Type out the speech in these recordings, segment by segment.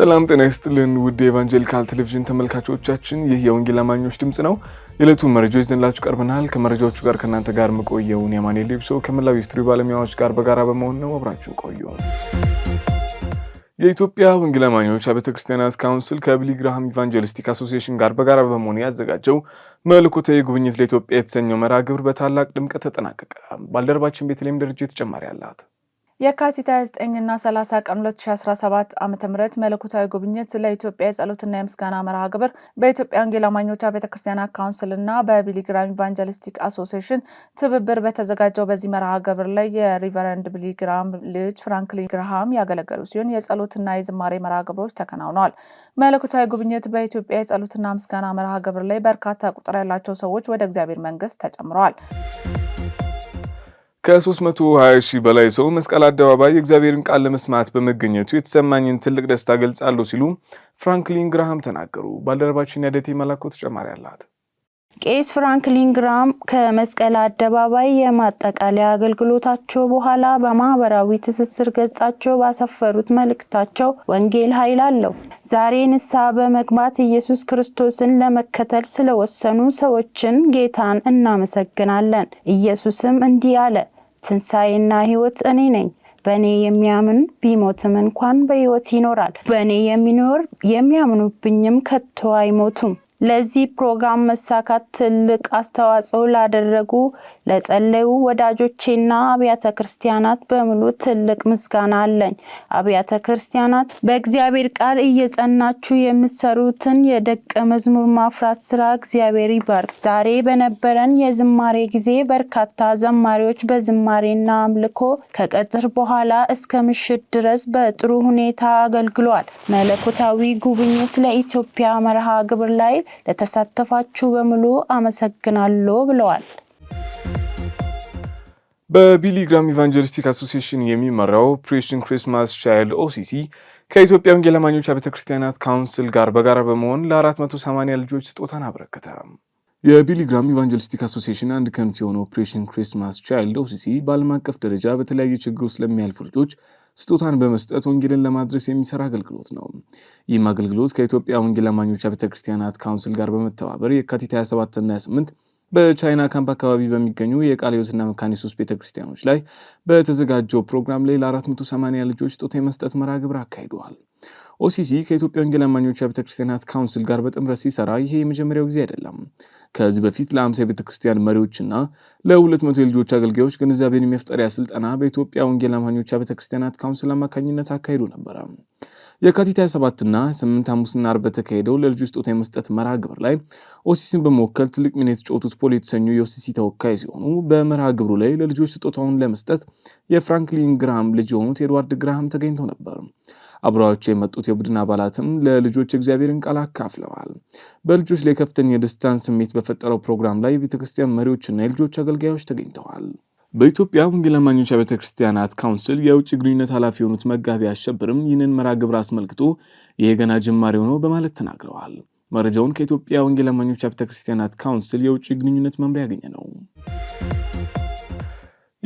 ሰላም ጤና ይስጥልን ውድ የኤቫንጀሊካል ቴሌቪዥን ተመልካቾቻችን፣ ይህ የወንጌል አማኞች ድምፅ ነው። የዕለቱ መረጃዎች ይዘንላችሁ ቀርበናል። ከመረጃዎቹ ጋር ከእናንተ ጋር መቆየውን የማኔ ሊብሶ ከመላው የስቱዲዮ ባለሙያዎች ጋር በጋራ በመሆን ነው። አብራችሁ ቆዩ። የኢትዮጵያ ወንጌል አማኞች አብያተ ክርስቲያናት ካውንስል ከቢሊ ግርሃም ኢቫንጀሊስቲክ አሶሲሽን ጋር በጋራ በመሆን ያዘጋጀው መልኮታዊ ጉብኝት ለኢትዮጵያ የተሰኘው መርሃ ግብር በታላቅ ድምቀት ተጠናቀቀ። ባልደረባችን ቤተልሔም ደረጃ ተጨማሪ አላት። የካቲት 29ና 30 ቀን 2017 ዓ ም መለኮታዊ ጉብኝት ለኢትዮጵያ የጸሎትና የምስጋና መርሃ ግብር በኢትዮጵያ ወንጌል አማኞች ቤተክርስቲያን ካውንስልና በቢሊግራም ኢቫንጀሊስቲክ አሶሲሽን ትብብር በተዘጋጀው በዚህ መርሃ ግብር ላይ የሪቨረንድ ቢሊግራም ልጅ ፍራንክሊን ግርሃም ያገለገሉ ሲሆን የጸሎትና የዝማሬ መርሃ ግብሮች ተከናውነዋል። መለኮታዊ ጉብኝት በኢትዮጵያ የጸሎትና ምስጋና መርሃ ግብር ላይ በርካታ ቁጥር ያላቸው ሰዎች ወደ እግዚአብሔር መንግስት ተጨምረዋል። ከ320 ሺህ በላይ ሰው መስቀል አደባባይ የእግዚአብሔርን ቃል ለመስማት በመገኘቱ የተሰማኝን ትልቅ ደስታ ገልጻለሁ ሲሉ ፍራንክሊን ግራሃም ተናገሩ። ባልደረባችን ያደቴ መላኮ ተጨማሪ አላት። ቄስ ፍራንክሊን ግራም ከመስቀል አደባባይ የማጠቃለያ አገልግሎታቸው በኋላ በማህበራዊ ትስስር ገጻቸው ባሰፈሩት መልእክታቸው ወንጌል ኃይል አለው። ዛሬ ንስሐ በመግባት ኢየሱስ ክርስቶስን ለመከተል ስለወሰኑ ሰዎችን ጌታን እናመሰግናለን። ኢየሱስም እንዲህ አለ፣ ትንሣኤና ሕይወት እኔ ነኝ በእኔ የሚያምን ቢሞትም እንኳን በሕይወት ይኖራል። በእኔ የሚኖር የሚያምኑብኝም ከቶ አይሞቱም። ለዚህ ፕሮግራም መሳካት ትልቅ አስተዋጽኦ ላደረጉ ለጸለዩ ወዳጆቼና አብያተ ክርስቲያናት በሙሉ ትልቅ ምስጋና አለኝ። አብያተ ክርስቲያናት በእግዚአብሔር ቃል እየጸናችሁ የምትሰሩትን የደቀ መዝሙር ማፍራት ስራ እግዚአብሔር ይባርክ። ዛሬ በነበረን የዝማሬ ጊዜ በርካታ ዘማሪዎች በዝማሬና አምልኮ ከቀጥር በኋላ እስከ ምሽት ድረስ በጥሩ ሁኔታ አገልግሏል። መለኮታዊ ጉብኝት ለኢትዮጵያ መርሃ ግብር ላይ ለተሳተፋችሁ በሙሉ አመሰግናለሁ ብለዋል። በቢሊግራም ኢቫንጀሊስቲክ አሶሲሽን የሚመራው ፕሬሽን ክሪስማስ ቻይልድ ኦሲሲ ከኢትዮጵያ ወንጌል አማኞች አብያተ ክርስቲያናት ካውንስል ጋር በጋራ በመሆን ለ480 ልጆች ስጦታን አበረከተ። የቢሊግራም ኢቫንጀሊስቲክ አሶሲሽን አንድ ክንፍ የሆነው ኦፕሬሽን ክሪስማስ ቻይልድ ኦሲሲ በዓለም አቀፍ ደረጃ በተለያየ ችግር ውስጥ ለሚያልፉ ልጆች ስጦታን በመስጠት ወንጌልን ለማድረስ የሚሰራ አገልግሎት ነው። ይህም አገልግሎት ከኢትዮጵያ ወንጌል አማኞች ቤተክርስቲያናት ካውንስል ጋር በመተባበር የካቲት 27ና 28 በቻይና ካምፕ አካባቢ በሚገኙ የቃለ ሕይወትና መካነ ኢየሱስ ቤተክርስቲያኖች ላይ በተዘጋጀው ፕሮግራም ላይ ለ480 ልጆች ስጦታ የመስጠት መርሃ ግብር አካሂደዋል። ኦሲሲ ከኢትዮጵያ ወንጌል አማኞች ቤተ ክርስቲያናት ካውንስል ጋር በጥምረት ሲሰራ ይሄ የመጀመሪያው ጊዜ አይደለም። ከዚህ በፊት ለአምሳ የቤተ ክርስቲያን መሪዎችና ለ200 የልጆች አገልጋዮች ግንዛቤን የመፍጠሪያ ስልጠና በኢትዮጵያ ወንጌል አማኞች ቤተ ክርስቲያናት ካውንስል አማካኝነት አካሂዶ ነበረ። የካቲት 27 እና 8 ሐሙስና አርብ በተካሄደው ለልጆች ስጦታ የመስጠት መርሃ ግብር ላይ ኦሲሲን በመወከል ትልቅ ሚና የተጫወቱት ፖል የተሰኙ የኦሲሲ ተወካይ ሲሆኑ በመርሃ ግብሩ ላይ ለልጆች ስጦታውን ለመስጠት የፍራንክሊን ግራሃም ልጅ የሆኑት ኤድዋርድ ግራሃም ተገኝተው ነበር። አብረዋቸው የመጡት የቡድን አባላትም ለልጆች እግዚአብሔርን ቃል አካፍለዋል። በልጆች ላይ ከፍተኛ የደስታን ስሜት በፈጠረው ፕሮግራም ላይ የቤተክርስቲያን መሪዎችና የልጆች አገልጋዮች ተገኝተዋል። በኢትዮጵያ ወንጌል አማኞች ቤተ ክርስቲያናት ካውንስል የውጭ ግንኙነት ኃላፊ የሆኑት መጋቢ አሸብርም ይህንን መርሃ ግብር አስመልክቶ ይሄ ገና ጅማሬ ሆኖ በማለት ተናግረዋል። መረጃውን ከኢትዮጵያ ወንጌል አማኞች ቤተ ክርስቲያናት ካውንስል የውጭ ግንኙነት መምሪያ ያገኘ ነው።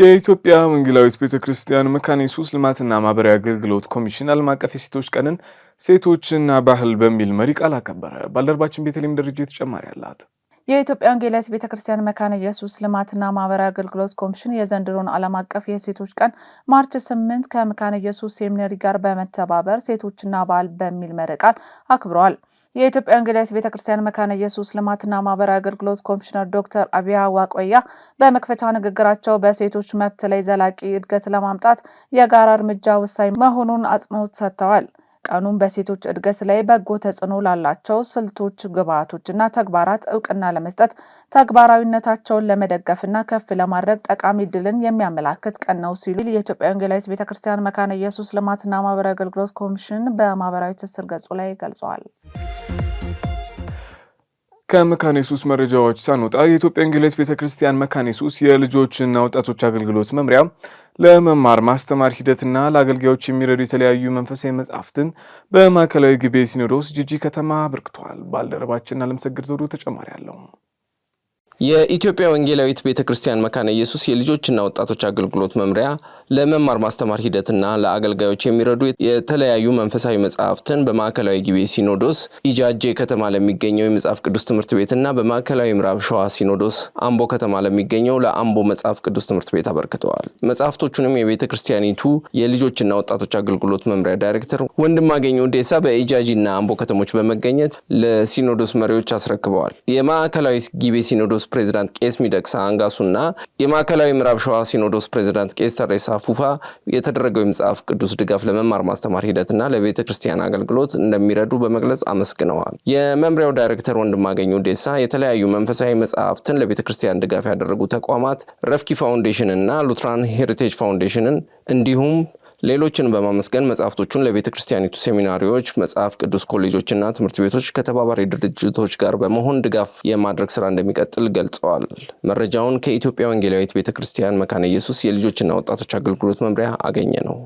የኢትዮጵያ ወንጌላዊት ቤተ ክርስቲያን መካነ ኢየሱስ ልማትና ማህበራዊ አገልግሎት ኮሚሽን ዓለም አቀፍ የሴቶች ቀንን ሴቶችና ባህል በሚል መሪ ቃል አከበረ። ባልደረባችን ቤተልሔም ደረጃ ተጨማሪ አላት። የኢትዮጵያ ወንጌላዊት ቤተ ክርስቲያን መካነ ኢየሱስ ልማትና ማህበራዊ አገልግሎት ኮሚሽን የዘንድሮን ዓለም አቀፍ የሴቶች ቀን ማርች ስምንት ከመካነ ኢየሱስ ሴሚነሪ ጋር በመተባበር ሴቶችና ባህል በሚል መሪ ቃል አክብረዋል። የኢትዮጵያ ወንጌላዊት ቤተክርስቲያን መካነ ኢየሱስ ልማትና ማህበራዊ አገልግሎት ኮሚሽነር ዶክተር አብያ ዋቆያ በመክፈቻ ንግግራቸው በሴቶች መብት ላይ ዘላቂ እድገት ለማምጣት የጋራ እርምጃ ወሳኝ መሆኑን አጽንኦት ሰጥተዋል። ቀኑን በሴቶች እድገት ላይ በጎ ተጽዕኖ ላላቸው ስልቶች፣ ግብዓቶችና ተግባራት እውቅና ለመስጠት ተግባራዊነታቸውን ለመደገፍና ከፍ ለማድረግ ጠቃሚ ድልን የሚያመላክት ቀን ነው ሲሉ የኢትዮጵያ ወንጌላዊት ቤተ ክርስቲያን መካነ ኢየሱስ ልማትና ማህበራዊ አገልግሎት ኮሚሽን በማህበራዊ ትስስር ገጹ ላይ ገልጸዋል። ከመካነ ኢየሱስ መረጃዎች ሳንወጣ የኢትዮጵያ ወንጌላዊት ቤተ ክርስቲያን መካነ ኢየሱስ የልጆችና ወጣቶች አገልግሎት መምሪያ ለመማር ማስተማር ሂደትና ለአገልጋዮች የሚረዱ የተለያዩ መንፈሳዊ መጽሐፍትን በማዕከላዊ ግቤ ሲኖዶስ ጅጂ ከተማ አብርክቷል። ባልደረባችን አለምሰግድ ዘውዱ ተጨማሪ አለው። የኢትዮጵያ ወንጌላዊት ቤተ ክርስቲያን መካነ ኢየሱስ የልጆችና ወጣቶች አገልግሎት መምሪያ ለመማር ማስተማር ሂደትና ለአገልጋዮች የሚረዱ የተለያዩ መንፈሳዊ መጽሐፍትን በማዕከላዊ ጊቤ ሲኖዶስ ኢጃጄ ከተማ ለሚገኘው የመጽሐፍ ቅዱስ ትምህርት ቤትና በማዕከላዊ ምዕራብ ሸዋ ሲኖዶስ አምቦ ከተማ ለሚገኘው ለአምቦ መጽሐፍ ቅዱስ ትምህርት ቤት አበርክተዋል። መጽሐፍቶቹንም የቤተ ክርስቲያኒቱ የልጆችና ወጣቶች አገልግሎት መምሪያ ዳይሬክተር ወንድማገኘው ዴሳ በኢጃጂና አምቦ ከተሞች በመገኘት ለሲኖዶስ መሪዎች አስረክበዋል። የማዕከላዊ ጊቤ ሲኖዶስ ፕሬዚዳንት ቄስ ሚደቅሳ አንጋሱና የማዕከላዊ ምዕራብ ሸዋ ሲኖዶስ ፕሬዚዳንት ቄስ ተሬሳ ፉፋ የተደረገው የመጽሐፍ ቅዱስ ድጋፍ ለመማር ማስተማር ሂደትና ለቤተ ክርስቲያን አገልግሎት እንደሚረዱ በመግለጽ አመስግነዋል። የመምሪያው ዳይሬክተር ወንድማገኙ ዴሳ የተለያዩ መንፈሳዊ መጽሐፍትን ለቤተ ክርስቲያን ድጋፍ ያደረጉ ተቋማት ረፍኪ ፋውንዴሽንና ሉትራን ሄሪቴጅ ፋውንዴሽንን እንዲሁም ሌሎችን በማመስገን መጽሐፍቶቹን ለቤተ ክርስቲያኒቱ ሴሚናሪዎች፣ መጽሐፍ ቅዱስ ኮሌጆችና ትምህርት ቤቶች ከተባባሪ ድርጅቶች ጋር በመሆን ድጋፍ የማድረግ ስራ እንደሚቀጥል ገልጸዋል። መረጃውን ከኢትዮጵያ ወንጌላዊት ቤተ ክርስቲያን መካነ ኢየሱስ የልጆችና ወጣቶች አገልግሎት መምሪያ አገኘ ነው።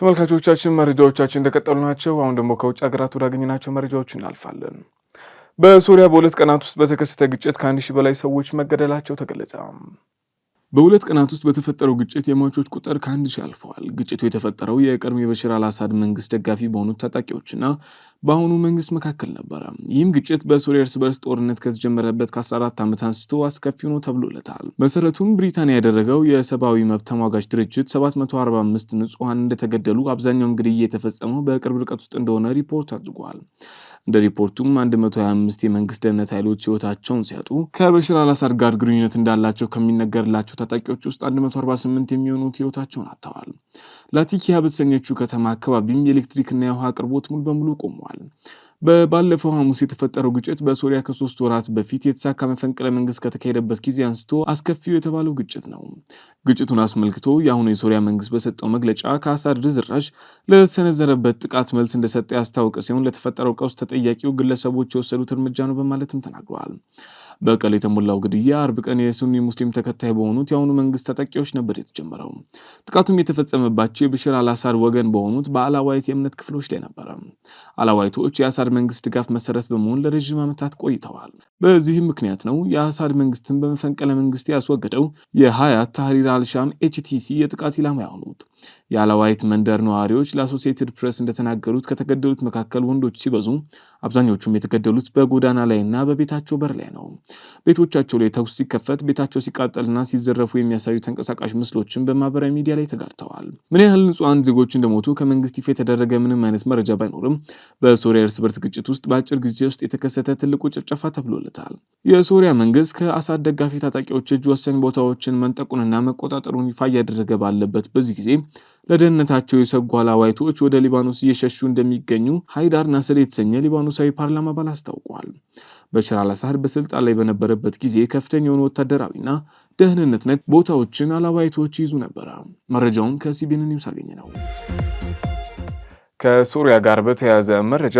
ተመልካቾቻችን መረጃዎቻችን እንደቀጠሉ ናቸው። አሁን ደግሞ ከውጭ ሀገራት ወዳገኘናቸው መረጃዎች እናልፋለን። በሶሪያ በሁለት ቀናት ውስጥ በተከሰተ ግጭት ከአንድ ሺህ በላይ ሰዎች መገደላቸው ተገለጸ። በሁለት ቀናት ውስጥ በተፈጠረው ግጭት የሟቾች ቁጥር ከአንድ ሺህ አልፈዋል። ግጭቱ የተፈጠረው የቀድሞ የበሽር አልአሳድ መንግስት ደጋፊ በሆኑት ታጣቂዎችና በአሁኑ መንግስት መካከል ነበረ። ይህም ግጭት በሱሪያ እርስ በርስ ጦርነት ከተጀመረበት ከ14 ዓመት አንስቶ አስከፊ ሆኖ ተብሎለታል። መሰረቱም ብሪታንያ ያደረገው የሰብአዊ መብት ተሟጋች ድርጅት 745 ንጹሐን እንደተገደሉ፣ አብዛኛውም ግድያ የተፈጸመው በቅርብ ርቀት ውስጥ እንደሆነ ሪፖርት አድርጓል። እንደ ሪፖርቱም 125 የመንግስት ደህንነት ኃይሎች ህይወታቸውን ሲያጡ ከበሽር አላሳድ ጋር ግንኙነት እንዳላቸው ከሚነገርላቸው ታጣቂዎች ውስጥ 148 የሚሆኑት ህይወታቸውን አጥተዋል። ላቲኪያ በተሰኘችው ከተማ አካባቢም የኤሌክትሪክና የውሃ አቅርቦት ሙሉ በሙሉ ቆመዋል። በባለፈው ሐሙስ የተፈጠረው ግጭት በሶሪያ ከሶስት ወራት በፊት የተሳካ መፈንቅለ መንግስት ከተካሄደበት ጊዜ አንስቶ አስከፊው የተባለው ግጭት ነው። ግጭቱን አስመልክቶ የአሁኑ የሶሪያ መንግስት በሰጠው መግለጫ ከአሳድ ድዝራሽ ለተሰነዘረበት ጥቃት መልስ እንደሰጠ ያስታወቀ ሲሆን ለተፈጠረው ቀውስ ተጠያቂው ግለሰቦች የወሰዱት እርምጃ ነው በማለትም ተናግረዋል። በቀል የተሞላው ግድያ አርብ ቀን የሱኒ ሙስሊም ተከታይ በሆኑት የአሁኑ መንግስት ተጠቂዎች ነበር የተጀመረው። ጥቃቱም የተፈጸመባቸው የብሽር አልአሳድ ወገን በሆኑት በአላዋይት የእምነት ክፍሎች ላይ ነበረ። አላዋይቶች የአሳድ መንግስት ድጋፍ መሰረት በመሆን ለረዥም ዓመታት ቆይተዋል። በዚህም ምክንያት ነው የአሳድ መንግስትን በመፈንቀለ መንግስት ያስወገደው የሀያት ታህሪር አልሻም ኤችቲሲ የጥቃት ኢላማ ያሆኑት። የአላዋይት መንደር ነዋሪዎች ለአሶሲኤትድ ፕሬስ እንደተናገሩት ከተገደሉት መካከል ወንዶች ሲበዙ አብዛኞቹም የተገደሉት በጎዳና እና በቤታቸው በር ላይ ነው። ቤቶቻቸው ላይ ተኩስ ሲከፈት፣ ቤታቸው ሲቃጠልና ሲዘረፉ የሚያሳዩ ተንቀሳቃሽ ምስሎችን በማህበራዊ ሚዲያ ላይ ተጋርተዋል። ምን ያህል ንጹሐን ዜጎች እንደሞቱ ከመንግስት ይፋ የተደረገ ምንም አይነት መረጃ ባይኖርም በሶሪያ እርስ በርስ ግጭት ውስጥ በአጭር ጊዜ ውስጥ የተከሰተ ትልቁ ጭፍጨፋ ተብሎለታል። የሶሪያ መንግስት ከአሳድ ደጋፊ ታጣቂዎች እጅ ወሳኝ ቦታዎችን መንጠቁንና መቆጣጠሩን ይፋ እያደረገ ባለበት በዚህ ጊዜ ለደህንነታቸው የሰጉ አላዋይቶች ወደ ሊባኖስ እየሸሹ እንደሚገኙ ሀይዳር ናስር የተሰኘ ሊባኖሳዊ ፓርላማ አባል አስታውቋል። በሽር አላሳድ በስልጣን ላይ በነበረበት ጊዜ ከፍተኛ የሆኑ ወታደራዊና ደህንነት ነት ቦታዎችን አላዋይቶች ይዙ ነበረ። መረጃውን ከሲቢን ኒውስ አገኘ ነው። ከሱሪያ ጋር በተያያዘ መረጃ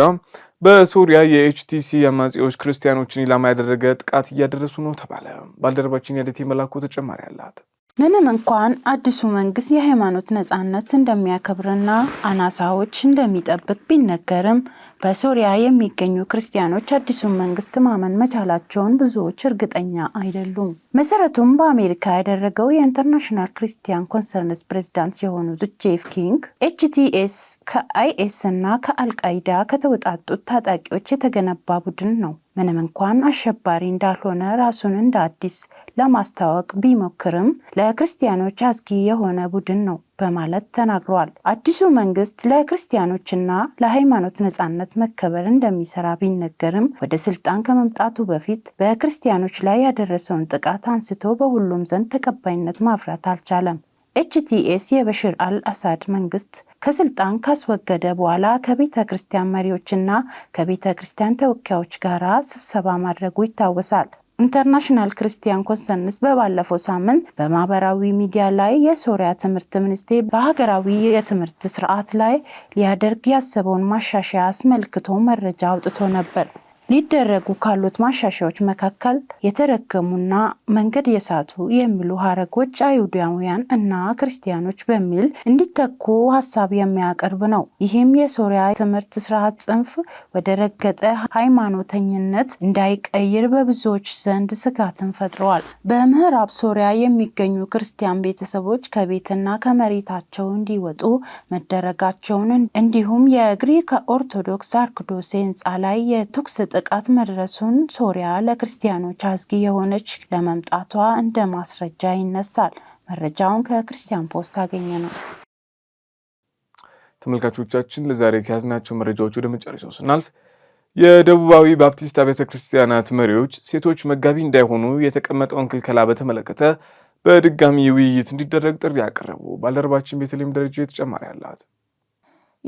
በሱሪያ የኤችቲሲ አማጺዎች ክርስቲያኖችን ኢላማ ያደረገ ጥቃት እያደረሱ ነው ተባለ። ባልደረባችን ያደቴ መላኩ ተጨማሪ አላት። ምንም እንኳን አዲሱ መንግስት የሃይማኖት ነጻነት እንደሚያከብርና አናሳዎች እንደሚጠብቅ ቢነገርም በሶሪያ የሚገኙ ክርስቲያኖች አዲሱን መንግስት ማመን መቻላቸውን ብዙዎች እርግጠኛ አይደሉም። መሰረቱም በአሜሪካ ያደረገው የኢንተርናሽናል ክርስቲያን ኮንሰርንስ ፕሬዚዳንት የሆኑት ጄፍ ኪንግ ኤችቲኤስ ከአይኤስ እና ከአልቃይዳ ከተወጣጡት ታጣቂዎች የተገነባ ቡድን ነው። ምንም እንኳን አሸባሪ እንዳልሆነ ራሱን እንደ አዲስ ለማስታወቅ ቢሞክርም ለክርስቲያኖች አስጊ የሆነ ቡድን ነው በማለት ተናግሯል። አዲሱ መንግስት ለክርስቲያኖችና ለሃይማኖት ነጻነት መከበር እንደሚሰራ ቢነገርም ወደ ስልጣን ከመምጣቱ በፊት በክርስቲያኖች ላይ ያደረሰውን ጥቃት አንስቶ በሁሉም ዘንድ ተቀባይነት ማፍራት አልቻለም። ኤችቲኤስ የበሽር አል አሳድ መንግስት ከስልጣን ካስወገደ በኋላ ከቤተ ክርስቲያን መሪዎችና ከቤተ ክርስቲያን ተወካዮች ጋር ስብሰባ ማድረጉ ይታወሳል። ኢንተርናሽናል ክርስቲያን ኮንሰንስ በባለፈው ሳምንት በማህበራዊ ሚዲያ ላይ የሶሪያ ትምህርት ሚኒስቴር በሀገራዊ የትምህርት ስርዓት ላይ ሊያደርግ ያሰበውን ማሻሻያ አስመልክቶ መረጃ አውጥቶ ነበር። ሊደረጉ ካሉት ማሻሻያዎች መካከል የተረገሙና መንገድ የሳቱ የሚሉ ሀረጎች አይሁዳውያን እና ክርስቲያኖች በሚል እንዲተኩ ሀሳብ የሚያቀርብ ነው። ይህም የሶሪያ ትምህርት ስርዓት ጽንፍ ወደ ረገጠ ሃይማኖተኝነት እንዳይቀይር በብዙዎች ዘንድ ስጋትን ፈጥረዋል። በምዕራብ ሶሪያ የሚገኙ ክርስቲያን ቤተሰቦች ከቤትና ከመሬታቸው እንዲወጡ መደረጋቸውን እንዲሁም የግሪክ ኦርቶዶክስ አርክዶሴ ህንፃ ላይ የተኩስ ጥቃት መድረሱን ሶሪያ ለክርስቲያኖች አስጊ የሆነች ለመምጣቷ እንደ ማስረጃ ይነሳል። መረጃውን ከክርስቲያን ፖስት አገኘ ነው። ተመልካቾቻችን ለዛሬ ከያዝናቸው መረጃዎች ወደ መጨረሻው ስናልፍ የደቡባዊ ባፕቲስት አብያተ ክርስቲያናት መሪዎች ሴቶች መጋቢ እንዳይሆኑ የተቀመጠውን ክልከላ በተመለከተ በድጋሚ ውይይት እንዲደረግ ጥሪ ያቀረቡ። ባልደረባችን ቤተልሔም ደረጃ ተጨማሪ አላት።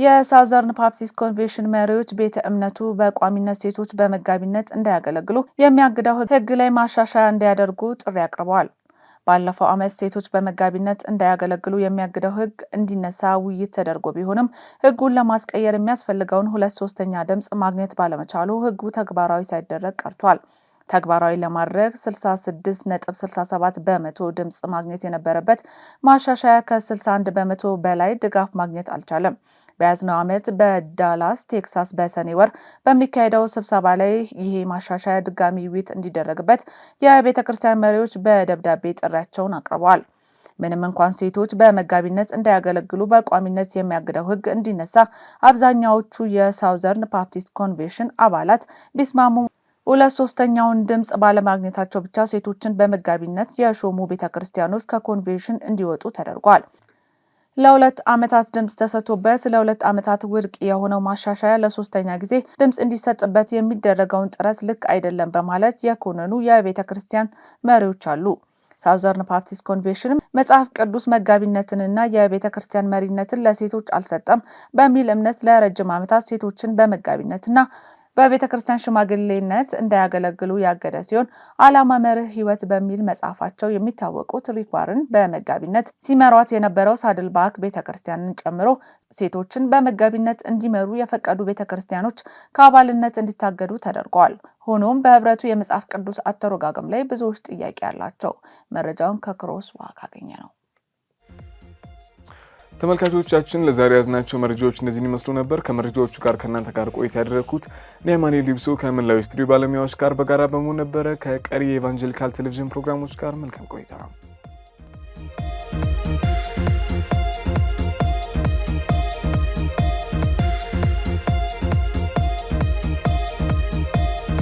የሳውዘርን ፓፕቲስት ኮንቬንሽን መሪዎች ቤተ እምነቱ በቋሚነት ሴቶች በመጋቢነት እንዳያገለግሉ የሚያግደው ሕግ ላይ ማሻሻያ እንዲያደርጉ ጥሪ አቅርበዋል። ባለፈው ዓመት ሴቶች በመጋቢነት እንዳያገለግሉ የሚያግደው ሕግ እንዲነሳ ውይይት ተደርጎ ቢሆንም ሕጉን ለማስቀየር የሚያስፈልገውን ሁለት ሶስተኛ ድምፅ ማግኘት ባለመቻሉ ሕጉ ተግባራዊ ሳይደረግ ቀርቷል። ተግባራዊ ለማድረግ 66.67 በመቶ ድምፅ ማግኘት የነበረበት ማሻሻያ ከ61 በመቶ በላይ ድጋፍ ማግኘት አልቻለም። በያዝነው ዓመት በዳላስ ቴክሳስ በሰኔ ወር በሚካሄደው ስብሰባ ላይ ይሄ ማሻሻያ ድጋሚ ውይይት እንዲደረግበት የቤተ ክርስቲያን መሪዎች በደብዳቤ ጥሪያቸውን አቅርበዋል። ምንም እንኳን ሴቶች በመጋቢነት እንዳያገለግሉ በቋሚነት የሚያግደው ሕግ እንዲነሳ አብዛኛዎቹ የሳውዘርን ባፕቲስት ኮንቬንሽን አባላት ቢስማሙ ሁለት ሶስተኛውን ድምፅ ባለማግኘታቸው ብቻ ሴቶችን በመጋቢነት የሾሙ ቤተ ክርስቲያኖች ከኮንቬንሽን እንዲወጡ ተደርጓል። ለሁለት ዓመታት ድምፅ ተሰጥቶበት ለሁለት ዓመታት ውድቅ የሆነው ማሻሻያ ለሶስተኛ ጊዜ ድምፅ እንዲሰጥበት የሚደረገውን ጥረት ልክ አይደለም በማለት የኮነኑ የቤተ ክርስቲያን መሪዎች አሉ። ሳውዘርን ፓፕቲስት ኮንቬንሽን መጽሐፍ ቅዱስ መጋቢነትንና የቤተ ክርስቲያን መሪነትን ለሴቶች አልሰጠም በሚል እምነት ለረጅም ዓመታት ሴቶችን በመጋቢነትና በቤተ ክርስቲያን ሽማግሌነት እንዳያገለግሉ ያገደ ሲሆን ዓላማ መርህ ህይወት በሚል መጽሐፋቸው የሚታወቁት ሪኳርን በመጋቢነት ሲመሯት የነበረው ሳድልባክ ቤተ ክርስቲያንን ጨምሮ ሴቶችን በመጋቢነት እንዲመሩ የፈቀዱ ቤተ ክርስቲያኖች ከአባልነት እንዲታገዱ ተደርገዋል። ሆኖም በህብረቱ የመጽሐፍ ቅዱስ አተረጓጎም ላይ ብዙዎች ጥያቄ አላቸው። መረጃውን ከክሮስ ዋክ አገኘ ነው። ተመልካቾቻችን ለዛሬ ያዝናቸው መረጃዎች እነዚህን ይመስሉ ነበር። ከመረጃዎቹ ጋር ከእናንተ ጋር ቆይታ ያደረግኩት ኒያማኔ ሊብሶ ከመላው ስቱዲዮ ባለሙያዎች ጋር በጋራ በመሆን ነበረ። ከቀሪ የኤቫንጀሊካል ቴሌቪዥን ፕሮግራሞች ጋር መልካም ቆይታ ነው።